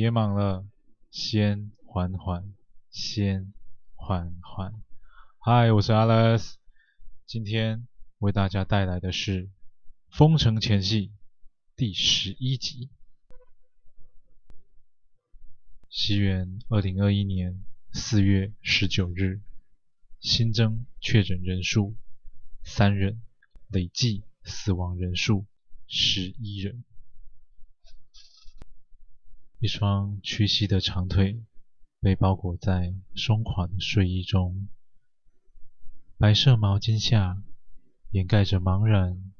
別忙了，先緩緩，先緩緩。嗨，我是 Alice。今天為大家帶來的是《封城前夕》第十一集。西元二零二一年四月十九日，新增確診人數三人，累計死亡人數十一人。一雙屈膝的長腿被包裹在鬆垮的睡衣中，白色毛巾下掩蓋着茫然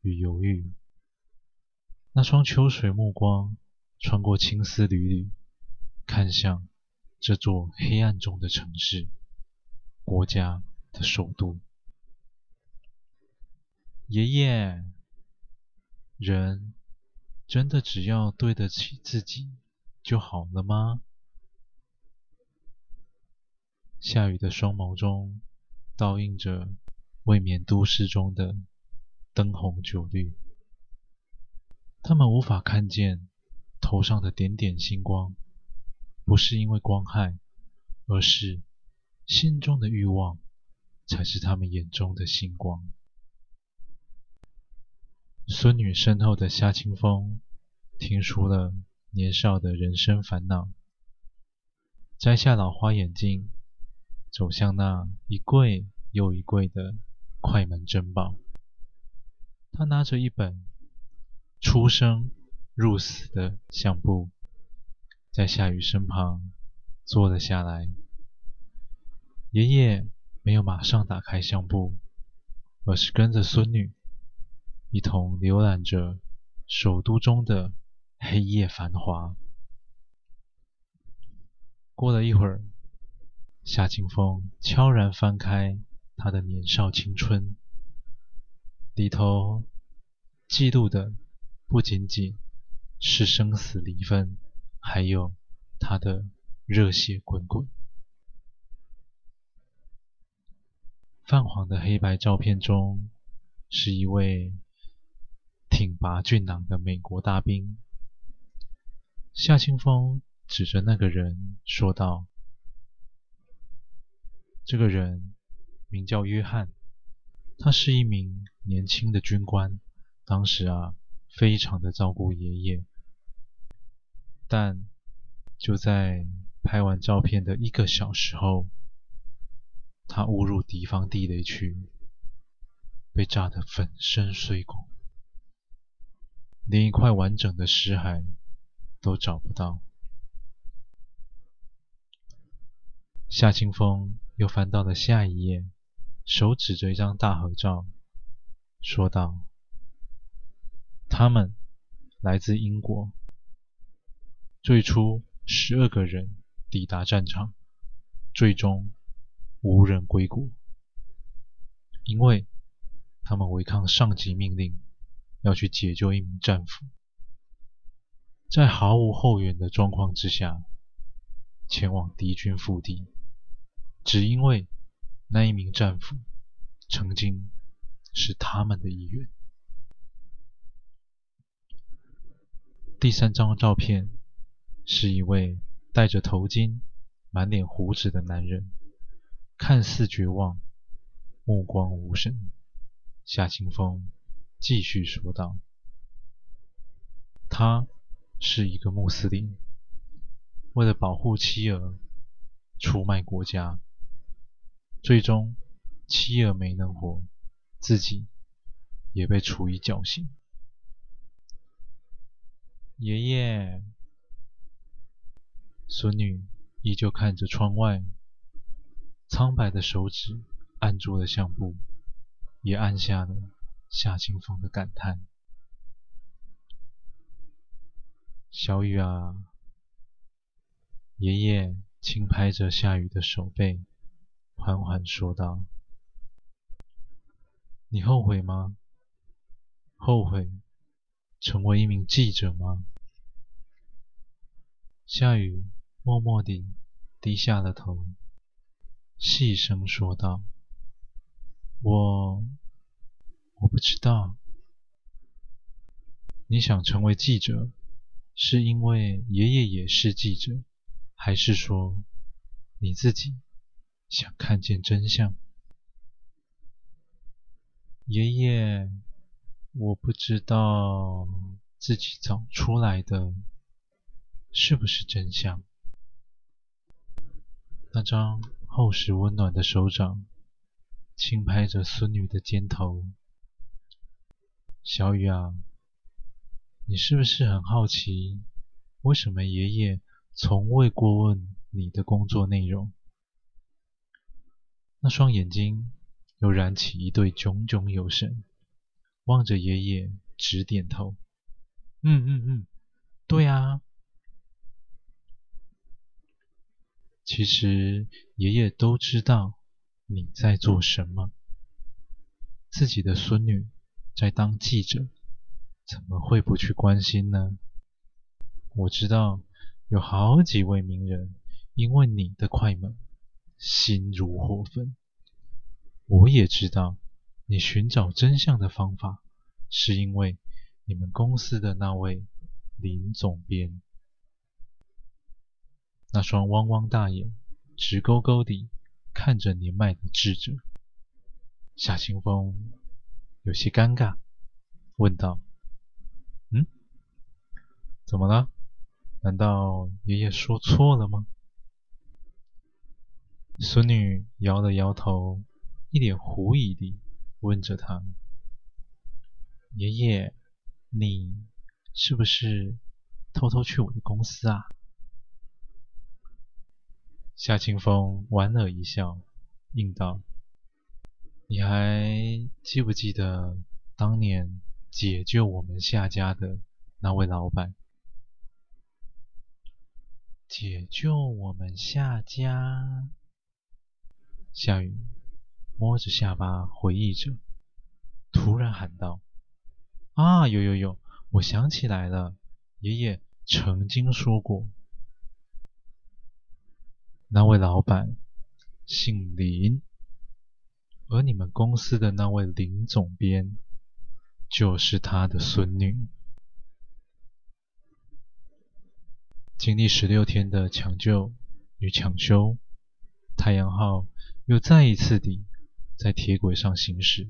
與猶豫。那雙秋水目光穿過青絲縷縷縷，看向這座黑暗中的城市、國家的首都。爺爺，人。真的只要對得起自己就好了嗎？夏雨的雙眸中倒映着未眠都市中的燈紅酒綠，他們無法看見頭上的點點星光，不是因為光害，而是心中的慾望才是他們眼中的星光。孫女身後的夏清風，聽出了年少的人生煩惱，摘下老花眼鏡，走向那一櫃又一櫃的快門珍寶。他拿着一本出生入死的相簿，在夏雨身旁坐了下來。爺爺沒有馬上打開相簿，而是跟着孫女。一同瀏覽着首都中的黑夜繁華。過了一會兒，夏清風悄然翻開他的年少青春，裡頭紀錄的不僅僅是生死離分，還有他的熱血滾滾。泛黃的黑白照片中，是一位。挺拔俊朗的美國大兵，夏清風指着那個人說道：“這個人名叫約翰，他是一名年輕的軍官，當時啊，非常的照顧爺爺。但就在拍完照片的一個小時後，他誤入敵方地雷區，被炸得粉身碎骨。”連一塊完整的屍骸都找不到。夏清風又翻到了下一頁，手指着一張大合照，說道：“他們來自英國，最初十二個人抵達戰場，最終無人歸國，因為他們違抗上級命令。”要去解救一名戰俘，在毫無後援的狀況之下，前往敵軍腹地，只因為那一名戰俘曾經是他們的一員。第三張照片是一位戴着頭巾、滿臉鬍子的男人，看似絕望，目光無神。夏清風。繼續說道：“他是一個穆斯林，為了保護妻兒，出賣國家，最終妻兒沒能活，自己也被處以絞刑。”爺爺，孫女依舊看着窗外，蒼白的手指按住了相簿，也按下了。夏清風的感歎：“小雨啊，爺爺輕拍着夏雨的手背，緩緩說道：‘你後悔嗎？後悔成為一名記者嗎？’”夏雨默默地低下了頭，細聲說道：“我。”我不知道，你想成為記者，是因為爺爺也是記者，還是說你自己想看見真相？爺爺，我不知道自己找出來的是不是真相。那張厚實溫暖的手掌，輕拍着孫女的肩頭。小雨啊，你是不是很好奇，為什麼爺爺從未過問你的工作內容？那雙眼睛又燃起一對炯炯有神，望着爺爺直點頭。嗯嗯嗯，對啊，其實爺爺都知道你在做什麼，自己的孫女。在當記者，怎麼會不去關心呢？我知道有好幾位名人因為你的快門，心如火焚。我也知道你尋找真相的方法，是因為你們公司的那位林總編。那雙汪汪大眼，直勾勾地看着年邁的智者夏清風。有些尷尬，問道：“嗯，怎麼了？難道爺爺說錯了嗎、嗯？”孫女搖了搖頭，一臉狐疑地問着他：“爺爺，你是不是偷偷去我的公司啊？”夏清風莞爾一笑，應道。你還記不記得當年解救我們夏家的那位老闆？解救我們夏家？夏雨摸着下巴回憶着，突然喊道：“啊，有有有！我想起來了，爺爺曾經說過，那位老闆姓林。”而你們公司的那位林總編，就是他的孫女。經歷十六天的搶救與搶修，太陽號又再一次地在鐵軌上行駛。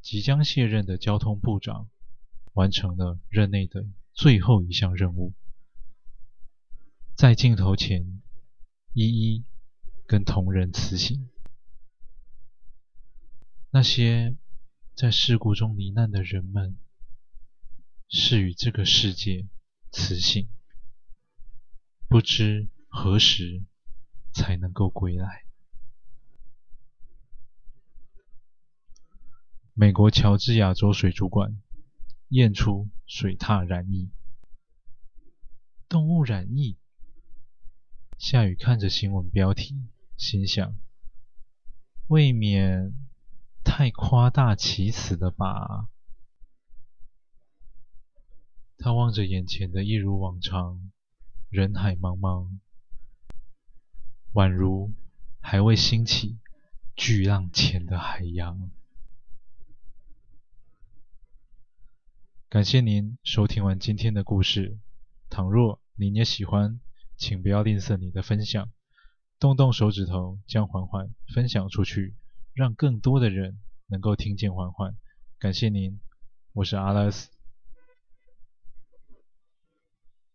即將卸任的交通部長，完成了任內的最後一項任務，在鏡頭前一一跟同仁辭行。那些在事故中罹難的人們，是與這個世界辭行，不知何時才能夠歸來。美國喬治亞州水族館驗出水獺染疫，動物染疫。夏雨看着新聞標題，心想，未免。太誇大其詞了吧！她望着眼前的一如往常，人海茫茫，宛如還未興起巨浪前的海洋。感謝您收聽完今天的故事，倘若您也喜歡，請不要吝嗇你的分享，動動手指頭將緩緩分享出去，讓更多的人能夠聽見歡歡，感謝您，我是阿拉斯。